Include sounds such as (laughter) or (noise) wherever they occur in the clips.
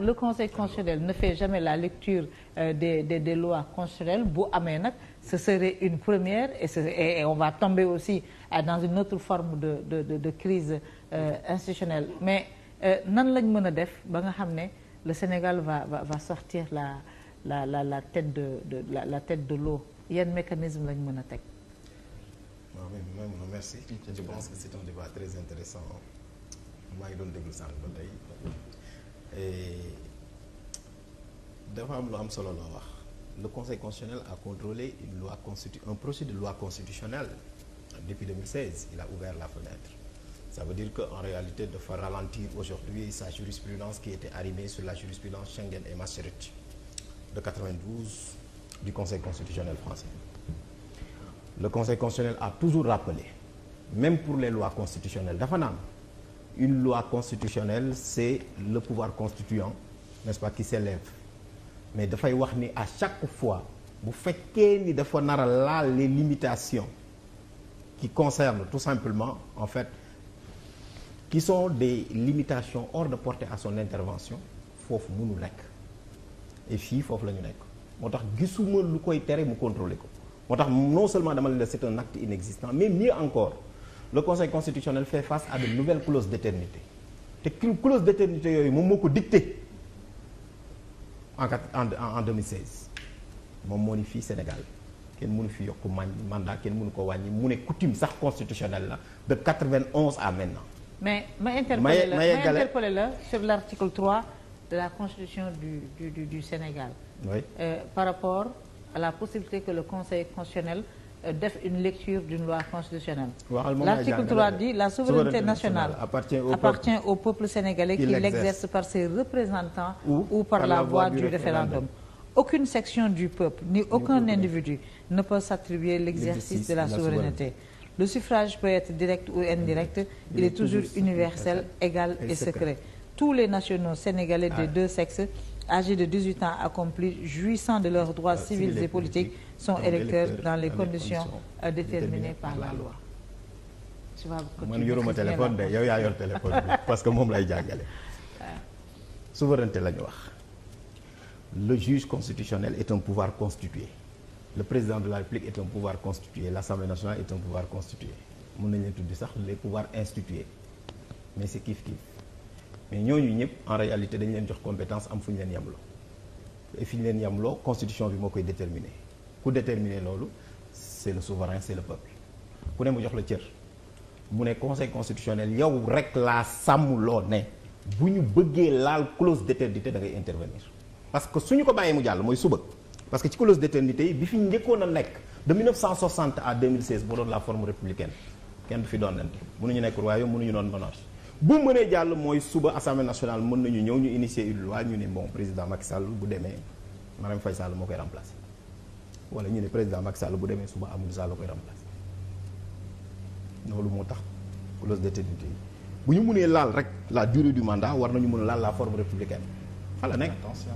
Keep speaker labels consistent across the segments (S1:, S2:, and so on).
S1: le conseil constitutionnel ne fait jamais la lecture euh, des, des des lois constitutionnelles bu amee nag ce serait une première et, ce, et, et on va tomber aussi euh, dans une autre forme de de de, de crise euh, institutionnelle mais euh, nan lañ mën a def ba nga xam ne le Sénégal va va va sortir la la la la tête de de la, de l'eau yan mécanisme lañ mën a teg.
S2: waaw Eh, dafa am lu am solo loo wax le conseil constitutionnel a contrôlé une loi constitu un projet de loi constitutionnelle depuis 2016 il a ouvert la fenêtre ça veut dire que en réalité dafa ralentir aujourd'hui sa jurisprudence qui était arrimée sur la jurisprudence Schengen et Maastricht de 92 du conseil constitutionnel français le conseil constitutionnel a toujours rappelé même pour les lois constitutionnelles dafa naan une loi constitutionnelle c'est le pouvoir constituant n'est-ce pas qui s'élève mais dafay wax ni à chaque fois bu fekkee ni dafa nara a laal les limitations qui concernent tout simplement en fait qui sont des limitations hors de portée à son intervention foofu mënu nekk et fii foofu la ñu nekk moo tax gisuma lu koy tere mu contrôler ko moo tax non seulement dama leen c'est un acte inexistant mais mieux encore le conseil constitutionnel fait face à de nouvelles clauses d'éternité te clause d'éternité yooyu moom moo ko dicté en en en 2016 moom moo ni fii Sénégal kenn mënu fi yokk man mandat kenn mënu ko wàññi mu ne coutume sax constitutionnelle la de 91 à maintenant.
S1: mais ma interpellé la ma la sur l'article 3 de la constitution du du du du Sénégal. oui euh, par rapport à la possibilité que le conseil constitutionnel. def une lecture d'une loi constitutionnelle. l'article 3 dit la souveraineté nationale appartient au, peuple sénégalais qui l'exerce par ses représentants ou, ou par, par la voie du référendum. Aucune section du peuple ni aucun individu ne peut s'attribuer l'exercice de la souveraineté. Le suffrage peut être direct ou indirect, il est toujours universel, égal et secret. Tous les nationaux sénégalais des ah. deux sexes âgés de 18 ans accomplis jouissant de leurs droits ah, civils et politiques sont électeurs dans les conditions euh, déterminées par la loi tu vois man yoruma téléphone de yow yaa yor
S2: téléphone bi (laughs) parce que moom lay jàngale souveraineté la wax le juge constitutionnel est un pouvoir constitué le président de la République est un pouvoir constitué l'Assemblée nationale est un pouvoir constitué mën nañu leen tudd sax les pouvoirs institués mais c'est kiff kiff mais ñu ñëpp en réalité dañu leen jox compétence am fu ñu leen yamloo et fi ñu leen loo constitution bi moo koy déterminer ku déterminer loolu c'est le souverain c'est le peuple ku ne mu jox la cër mu ne conseil constitutionnel yow rek laa sàmm loo ne bu ñu bëggee laal clause d'éternité da ngay intervenir parce que su ñu ko bàyyee mu jàll mooy suba parce que ci clause d'éternité yi bi fi njëkkoon a nekk de à 2016 boo doon la forme républicaine kenn nekk royaume mënuñu doon monarchie bu mënee jàll mooy suba assemblée nationale mën nañu ñëw ñu initier une ñu ne bon président Macky Sall bu demee Marème Faye Sall moo koy remplacer wala ñu ne président Macky Sall bu demee suba Amadou Sall koy remplacer loolu moo tax clause d'éternité yi bu ñu munee laal rek la durée du mandat war nañu mën a laal la forme républicaine fa la nekk. attention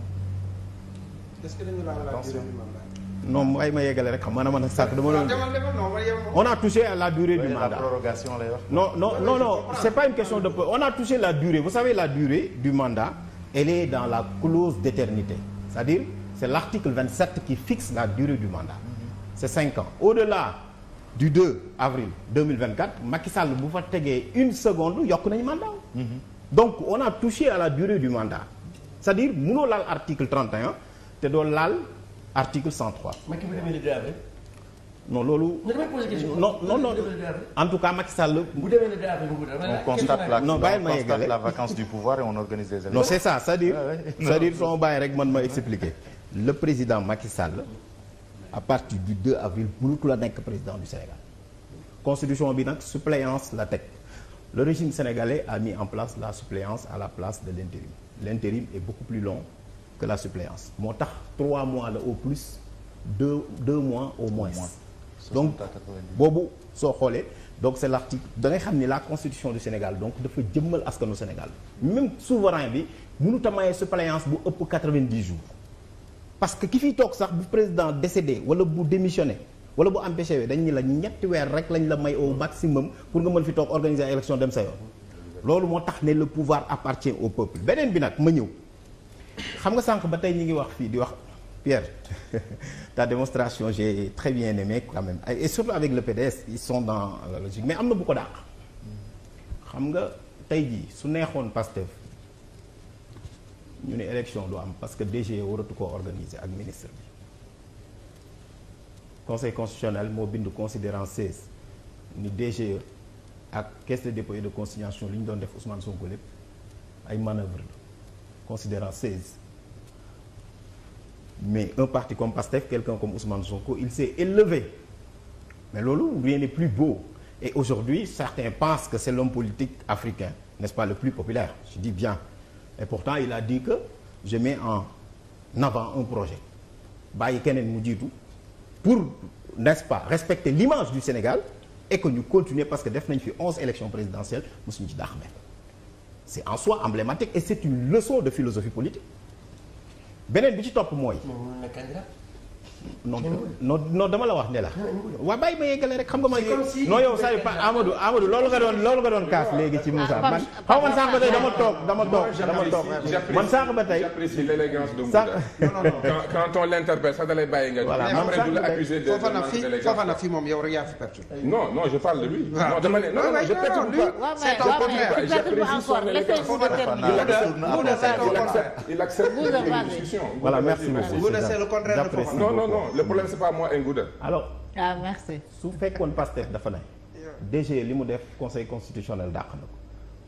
S2: est-ce que la non may ma yeggale rek xam maanaam man sànq dama doon. on a touché à la durée du mandat. non non non non c'est pas une question de on a touché la durée vous savez la durée du mandat elle est dans la clause d'éternité c'est-à-dire c'est l'article 27 qui fixe la durée du mandat mhm. c'est 5 ans au-delà du 2 avril 2024 Macky Sall bu fa tegee une seconde yokk nañ mandat mhm. donc on a touché à la durée du mandat c'est-à-dire mënoo laal article 31 te doo laal article 103. Macky bu non loolu. non non non en tout cas Macky Sall. bu demee le 2 avril on constate non bàyyil ma yeggale la vacance du pouvoir et on organise des élections. non c'est ça cest dire c'est-à-dire (laughs) rek man ma expliquer. le président Macky Sall à partir du avril mënatu la nekk président du Sénégal constitution bi nag suppléance la teg le régime sénégalais a mis en place la suppléance à la place de l'intérim l'intérim est beaucoup plus long. que la suppléance moo tax trois mois la au plus deux deux mois au moins. donc boobu soo xoolee donc c' est l' da ngay xam ni la constitution du Sénégal donc dafa jëmmal askanu Sénégal même souverain bi mënut a maye suppléance bu ëpp quatre-vingt-dix jours. parce que ki fi toog sax bu président décédé wala bu démissionné wala bu empêché we dañ la ñetti weer rek lañ la may au maximum pour nga mën fi toog organiser ay élection dem sa yoon loolu moo tax ne le pouvoir appartient au peuple beneen bi nag ma ñëw. xam nga sànq ba tey ñu ngi wax fii di wax Pierre (laughs) ta démonstration j'ai très bien aimé quand même ay surtout avec le PDS ils sont dans la logique mais am na bu ko dàq. xam nga tey jii su neexoon Pastef ñu ne élection du am parce que DG waratu ko organiser ak ministre bi conseil constitutionnel moo bind considérant 16 ni DGE ak caisse de dépôt et de consignation li ñu doon def Ousmane Sonko lépp ay manœuvre la considérant mais un parti comme PASTEF quelqu'un comme Ousmane Sonko il s'est élevé mais loolu rien n'est plus beau et aujourd'hui certains pensent que c'est l'homme politique africain n'est-ce pas le plus populaire je dis bien et pourtant il a dit que je mets en avant un projet bàyyi keneen mu jiitu pour n'est-ce pas respecter l'image du Sénégal et que ñu continuer parce que def nañ fi onze élections présidentielles mosuñu ci daax c'est en soi emblématique et c'est une leçon de philosophie politique beneen bi ci topp mooy. non non non dama la wax ne la. waa bàyyi ma yeggale rek xam nga ma. non yow Saliou Pa Amadou Amadou loolu nga doon loolu nga doon kaas léegi ci Moussa ah, man. xaw man sànq ba tey dama toog dama toog dama toog man sànq ba tey. j'apprécie l'élégance de Moussa. (laughs) quand on l'interpelle sax da nga. voilà non je parle de lui. Ah. non je perturbe pas. waaw waaw merci beaucoup. c'est non non le problème c'est su fekkoon Pastef dafa ne. DG li mu def conseil constitutionnel dàq na ko.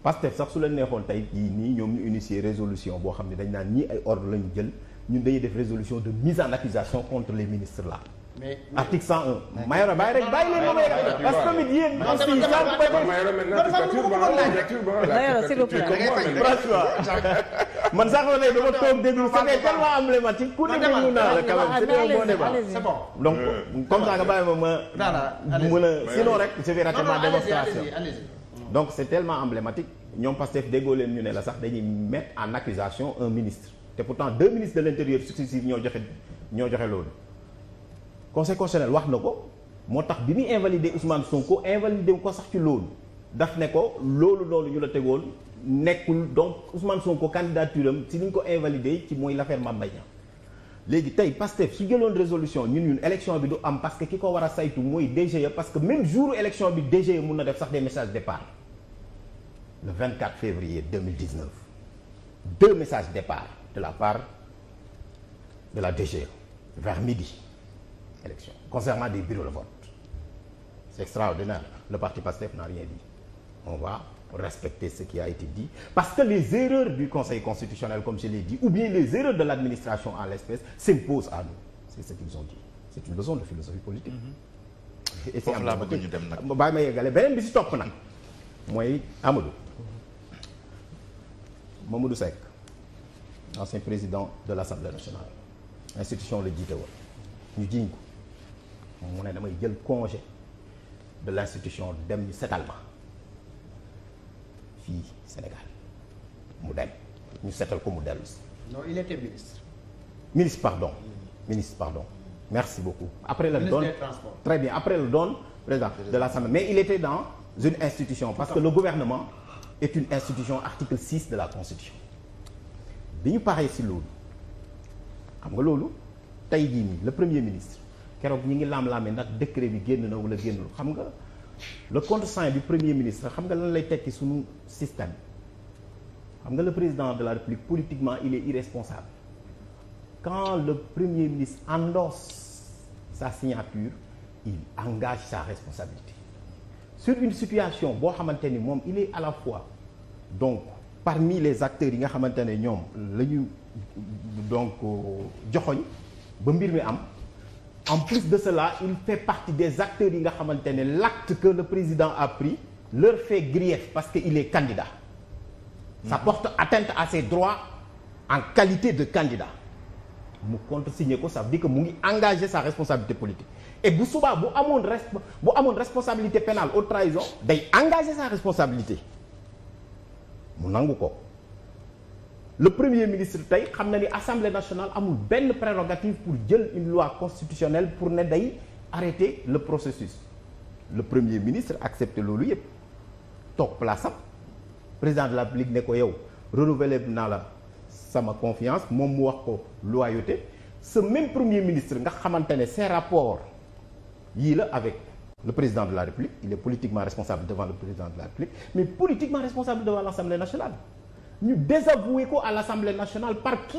S2: Pastef sax su la neexoon tey jii nii ñoom ñu initier résolution boo xam ne dañ naan ñii ay ordre lañu jël ñun dañuy def résolution de mise en accusation contre les ministres là. mais article 101. Mayoro bàyyi rek bàyyi leen moom rek parce que tamit yéen aussi ko Mayoro maintenant dictature ba nga laaj dictature ba nga laaj. Mayoro s'il man sax ma ne dama toog déglu c'était tellement emblématique ku ne naa la quand même donc comme ça nga bàyyi ma a sinon rek je vais rater ma démonstration donc c'est tellement emblématique ñoom Pastef déggoo leen ñu ne la sax dañuy mettre en accusation un ministre te pourtant deux ministres de l'intérieur successifs ñoo joxe ñoo joxe loolu conseil constitutionnel wax na ko moo tax bi muy invalider Ousmane Sonko invalider wu ko sax ci loolu daf ne ko loolu loolu ñu la tegool nekkul donc Ousmane Sonko ko am si ni ñu ko invalider ci mooy l'affaire Mame Mbaye Niang léegi tey Pastef su jëloon résolution ñun ñun élection bi du am parce que ki ko war a saytu mooy DGE parce que même jour élection bi DGE mun na def sax des de départ le 24 février 2019 deux messages départ de la part de la DGE vers midi élection concernant des bureaux de vote c'est extraordinaire le parti Pastef n'a rien dit on va respecter ce qui a été dit parce que les erreurs du Conseil constitutionnel comme je l'ai dit ou bien les erreurs de l'administration en l'espèce s'imposent à nous c'est ce qu'ils ont dit c'est une leçon de philosophie politique mhm. et c'est laa bëgg ñu dem nag bàyyi ma yeggale beneen bi si topp nag mooy Amadou Mamadou Seck ancien président de l'Assemblée nationale institution la jiite woon ñu jiñ ko moom mu ne damay jël congé de l'institution dem ñu fii Sénégal mu dem ñu seetal ko mu dellu si. non il était ministre. ministre pardon ministre pardon merci beaucoup. après la doon très bien après la doon président de l'Assemblée mais il était dans une institution parce que le gouvernement est une institution article 6 de la constitution bi ñu paree si loolu xam nga loolu tey jii nii le premier ministre keroog ñu ngi laam-laamee ndax décret bi génn na wala génnul xam nga. le contreseing du premier ministre xam nga lan lay tekki suñu système xam nga le président de la république politiquement il est irresponsable quand le premier ministre endosse sa signature il engage sa responsabilité sur une situation boo xamante ni moom il est à la fois donc parmi les acteurs yi nga xamante ne ñoom la ñu donc joxoñ ba mbir mi am en plus de cela il fait partie des acteurs yi nga xamante ne l'acte que le président a pris leur fait grief parce que il est candidat sa mm-hmm. porte atteinte à ses droits en qualité de candidat mu contresigné ko ça veut dire que mu ngi engagé sa responsabilité politique et bu subaa bu amoon resp bu amoon responsabilité pénal au trahison day engagé sa responsabilité mu nangu ko le premier ministre tey xam na ni assemblée nationale amul benn prérogative pour jël une loi constitutionnelle pour ne day arrêter le processus le premier ministre accepté loolu yëpp toog place am président de la République ne ko yow renouveler naa la sama confiance moom mu wax ko loyauté ce même premier ministre nga xamante ne ses rapports yii la avec le président de la République il est politiquement responsable devant le président de la République ñu désavoué ko à l'Assemblée nationale par qui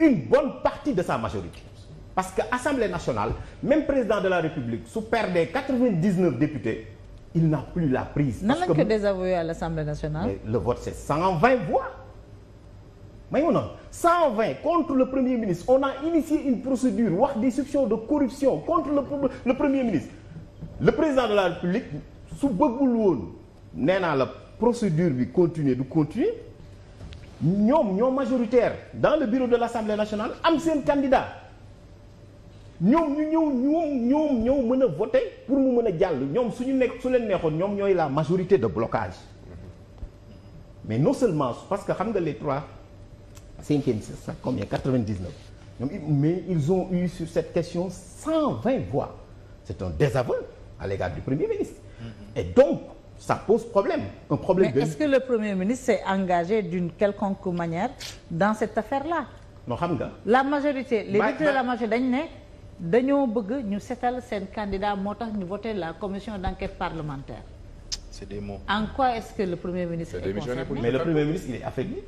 S2: une bonne partie de sa majorité parce que Assemblée nationale même président de la République su perdee quatre-vingt-dix-neuf députés il n'a plus la prise. nan lañ ko
S1: désavoué à l'Assemblée nationale.
S2: le vote c'est cent vingt voix. may ma noonu cent vingt contre le premier ministre on a initié une procédure wax des soupçons de corruption contre le le premier ministre. le président de la République su bëggul woon nee naa la procédure bi continuer du continuer. ñoom ñoo majoritaire dans le bureau de l'Assemblée nationale am seen candidat ñoom ñu ñëw ñoom ñoom ñëw mën a voter pour mu mën a jàll ñoom suñu nekk su leen neexoon ñoom ñooy la majorité de blocage mais non seulement parce que xam nga les trois cinquième ça combien quatre-vingt-dix-neuf ñoom mais ils ont eu sur cette question cent vingt voix c'est un désaveu à l'égard du premier ministre et donc ça pose problème un problème. mais est-ce que
S1: le premier ministre s'est engagé d'une quelconque manière dans cette affaire-là. non xam nga. la majorité les députés de la majorité dañ ne dañoo bëgg ñu setal seen candidat moo tax ñu voté la commission d'enquête parlementaire. c'est des en quoi est-ce que le premier ministre. est concerné mais le premier
S2: ministre il est affaibli.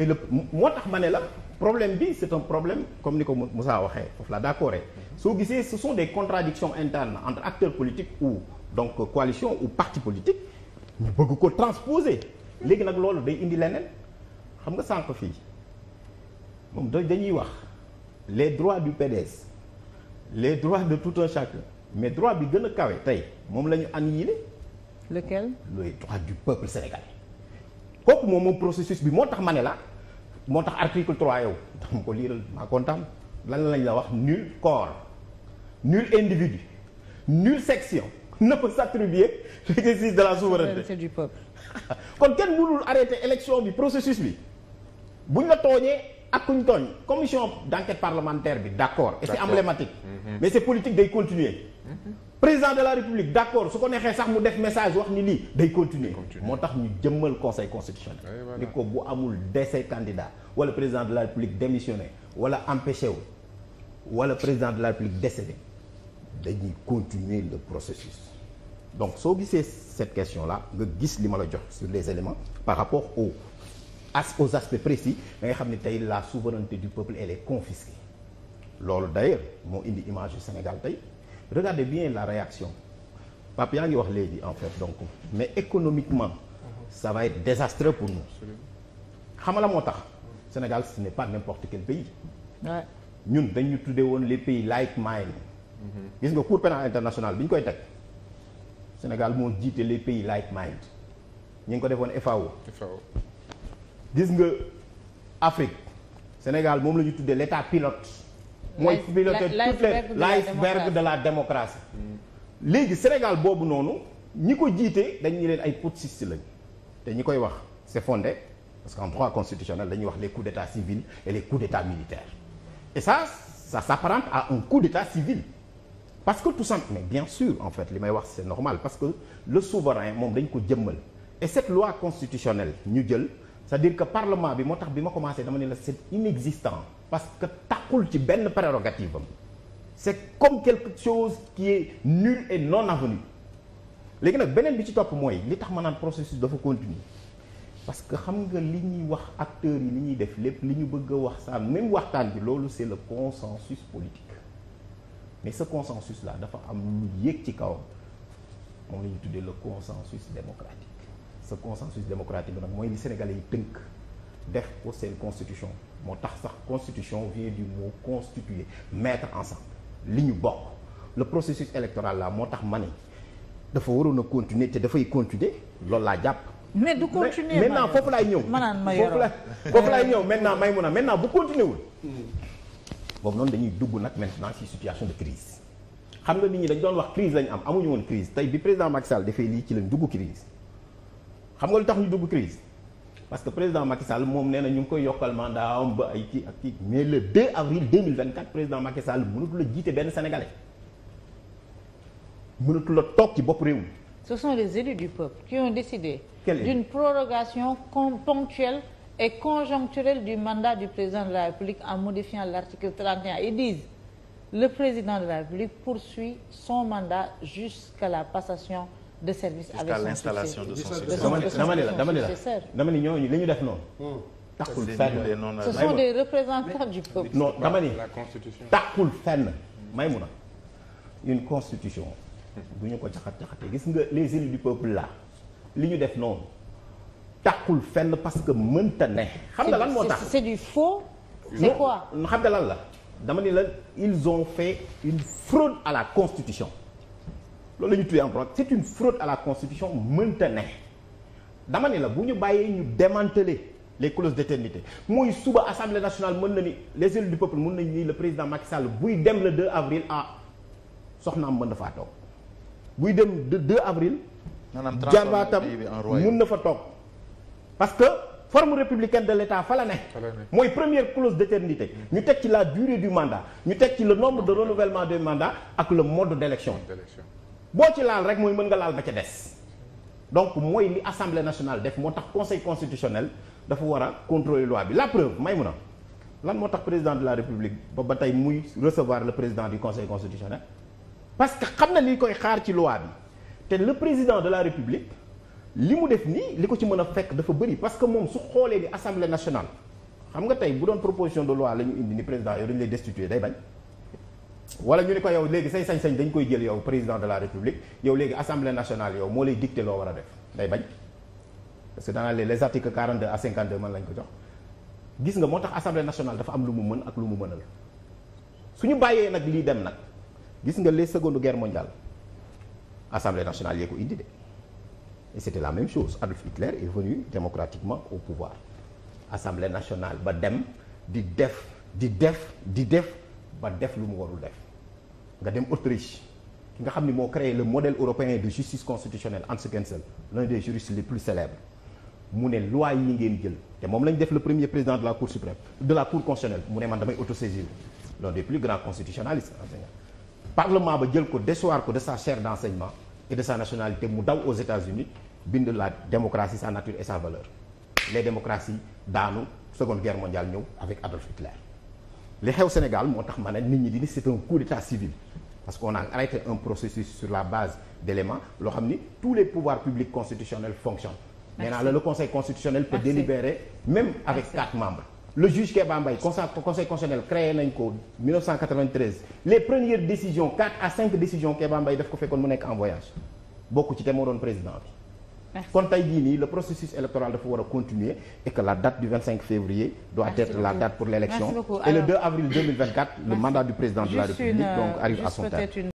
S2: et le moo tax ma ne la problème bi c'est un problème comme ni ko Moussa waxee foofu la d'accord soo gisee ce sont des contradictions internes entre acteurs ou. donc coalition ou parti politique ñu bëgg ko transposer léegi nag loolu day indi leneen xam nga sànq fii moom dañuy wax les droits du PDS les droits de tout un chacun mais droit bi gën a kawee tey moom la ñu annihilé. lequel les droits du peuple sénégalais kooku moom moom processus bi moo tax ma ne la moo tax article 3 yow tax ma ko liiral maa kontaan lan lañ la wax nul corps nul individu nulle section ne peut s'attribuer de la souveraineté du peuple (laughs) kon kenn mënul arrêter élection bi processus bi bu buñ la tooñee ak kuñ tooñ commission d'enquête parlementaire bi d'accord et c'est emblématique mm -hmm. mais c'est politique day continuer mm -hmm. président de la république d'accord su ko neexee sax mu def message wax ni lii day continuer moo tax ñu jëmmal conseil constitutionnel ni ko bu amul décès candidat wala président de la république démissionné wala empêché wala président de la république décédé dañuy continuer le processus donc soo gisee cette question là nga gis li ma la jox sur les éléments par rapport au aux aspects précis da nga xam ne tey la souveraineté du peuple elle est confisquée loolu d'ailleurs moo indi image du Sénégal tey regardez bien la réaction Pape yaa ngi wax léegi en fait donc mais économiquement ça va être désastreux pour nous xam nga la moo tax Sénégal ce n'est pas n'importe quel pays ñun dañu tuddee woon les pays like mine gis nga cour pénal international bi ñu koy teg Sénégal moo jiite les pays like mind ñu ngi ko defoon FAO. FAO gis nga Afrique Sénégal moom la ñu tuddee l' état pilote.
S1: mooy piloté toutes les de
S2: la démocratie mm. léegi Sénégal boobu noonu ñi ko jiite dañu leen ay putschistes lañ te ñi koy wax c' fonde fondé parce que en droit constitutionnel dañuy wax les coups d' état civil et les coups d' état militaires et ça ça s'apparente à un coup d' civil. parce que tout simplement mais bien sûr en fait li may wax c'est normal parce que le souverain moom dañ ko jëmmal et cette loi constitutionnelle ñu jël c'est-à-dire que parlement bi moo tax bi ma commencé dama ne la c'est inexistant parce que taxul ci benn prérogative am c'est comme quelque chose qui est nul et non avenu léegi nag beneen bi ci topp mooy li tax ma naan processus dafa continuer parce que xam nga li ñuy wax acteurs yi li ñuy def lépp li ñu bëgg a wax saan même waxtaan bi loolu c'est le consensus politique mais ce consensus laa dafa am ñu yéeg ci kaw moom la ñu tuddee le consensus démocratique ce consensus démocratique nag mooy li Sénégalais yi tënk def ko seen constitution moo tax sax constitution vient du mot constituer mettre ensemble li ñu bokk le processus électoral là moo tax ma ne dafa waroon a continuer te dafay continuer loolu laa jàpp.
S1: mais du continuer maintenant foofu laay ñëw. ma naan ma yoroo
S2: foofu laay ñëw maintenant may mun a maintenant bu continuer wul. Hmm. boobu noonu dañuy dugg nag maintenant ci situation de crise xam nga ni ñi dañ doon wax crise lañ am amuñu woon crise tey bi président Macky Sall defee lii ci lañ dugg crise xam nga lu tax ñu dugg crise parce que président Macky Sall moom nee na ñu ngi koy yokkal mandat am ba ay kii ak kii mais le 2 avril 2024 président Macky Sall mënatul a jiite benn sénégalais mënatul a toog ci bopp réew mi.
S1: ce sont les élus du peuple qui ont décidé. d'une prorogation ponctuelle. et conjoncturelle du mandat du président de la République en modifiant l'article 31. Ils disent le président de la République poursuit son mandat jusqu'à la passation de service avec son l'installation de son successeur. dama ne la dama ne la
S2: dama ne ñooñu li ñu def noonu. Hmm. taxul fenn ce sont des
S1: représentants du peuple. non dama ne
S2: taxul fenn une constitution. du ñu ko jaxat jaxate gis nga les élus du peuple là li ñu def noonu. taxul fenn parce que mënta ne. xam nga lan moo tax c'est du faux. c'est quoi xam nga lan la dama ni la ils ont fait une fraude à la constitution loolu la ñu tuddee en droit c'est une fraude à la constitution mënta ne dama ni la bu ñu bàyyee ñu démanteler les clauses d'éternité mooy suba assemblée nationale mën na ni les élus du peuple mën nañu nii le président Macky Sall buy dem le 2 avril ah soxnaam mën na faa toog buy dem le 2 avril. maanaam jarbaatam mën na fa toog. parce que forme républicaine de l'État fa la ne mooy première clause d'éternité ñu teg ci la durée du mandat ñu teg ci le nombre de renouvellement des mandats ak le mode d'élection boo ci laal rek mooy mën nga laal ba ca des donc mooy li assemblée nationale def moo tax conseil constitutionnel dafa war a contrôler loi bi la preuve may mun a lan moo tax président de la république ba ba tey muy recevoir le président du conseil constitutionnel parce que xam na li koy xaar ci loi te le président de la république li mu def nii li ko ci mën a fekk dafa bëri parce que moom su xoolee ni assemblée nationale xam nga tey bu doon proposition de loi la ñu indi ni président yow dañu lay destituer day bañ wala ñu ne ko yow léegi say sañ-sañ dañ koy jël yow président de la république yow léegi assemblée nationale yow moo lay dicté loo war a def day bañ parce que danaa leen les articles 42 à 52 man lañ ko jox gis nga moo tax assemblée nationale dafa am lu mu mën ak lu mu mënal su ñu bàyyee nag lii dem nag gis nga les seconde guerre mondiale assemblée nationale yee ko et c'était la même chose Adolf Hitler est venu démocratiquement au pouvoir assemblée nationale ba dem di def di def di def ba def lu mu warul def nga dem Autriche ki nga xam ni moo créé le modèle européen de justice constitutionnelle Hans Gensel l'un des juristes les plus célèbres mu ne loi yi ngeen jël te moom lañ def le premier président de la cour suprême de la cour constitutionnelle mu ne man damay autosaisir l'un des plus grands constitutionnalistes ba jël ko déchoir ko de sa chaire d'enseignement et bind la démocratie sa nature et sa valeur les démocraties daanu seconde guerre mondiale ñëw avec Adolf Hitler li xew Sénégal moo tax ma ne nit ñi di ni c'est un coup d'état civil parce qu'on a arrêté un processus sur la base d'éléments loo xam ni tous les pouvoirs publics constitutionnels fonctionnent maintenant la le conseil constitutionnel peut Merci. délibérer même avec Merci. quatre membres le juge Kéba Mbaye conseil constitutionnel créé nañ ko les premières décisions à 5 décisions Kéba Mbaye ko fekkoon mu nekk en voyage bokk ci te président kon tey jii nii le processus électoral dafa war a continuer et que la date du 25 février doit merci être la date pour l'élection et le 2 avril 2024 merci. le mandat du président juste de la République donc arrive euh, à son